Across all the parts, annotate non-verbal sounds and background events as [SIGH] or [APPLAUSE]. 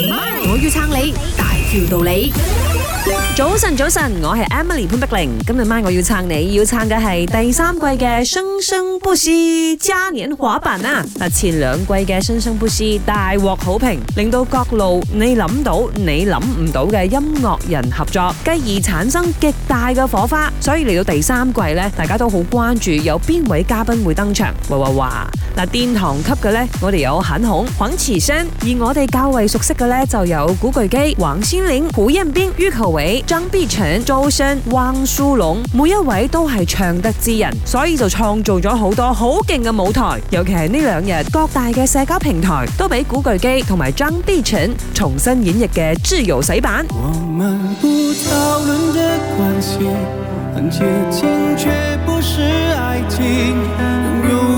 我要撐你，大條道理。早晨，早晨，我係 Emily 潘碧玲。今日晚我要撐你，要撐嘅係第三季嘅《聲生不息》家年華版啊！嗱，前兩季嘅《聲生不息》大獲好評，令到各路你諗到你諗唔到嘅音樂人合作，繼而產生極大嘅火花。所以嚟到第三季呢，大家都好關注有邊位嘉賓會登場。嘩嘩嘩！嗱，但殿堂級嘅呢，我哋有韓紅、黃綺珊，而我哋較為熟悉嘅呢，就有古巨基、黃心玲、胡彥斌、于求偉、張碧晨、周深、汪蘇泷，每一位都係唱得之人，所以就創造咗好多好勁嘅舞台。尤其係呢兩日，各大嘅社交平台都俾古巨基同埋張碧晨重新演繹嘅《自由洗版》。我們不討論的關係，很接近，卻不是愛情。 [MUSIC] [MUSIC]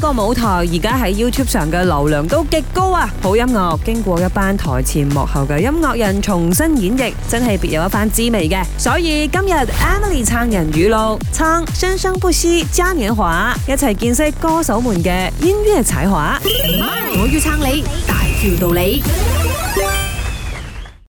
個舞台而家喺 YouTube 上嘅流量都極高啊！好音樂經過一班台前幕後嘅音樂人重新演繹，真係別有一番滋味嘅。所以今日 Emily 撐人語錄，撐《聲生不息·家年華》，一齊見識歌手們嘅音樂才華。Hi. 我要撐你，大條道理。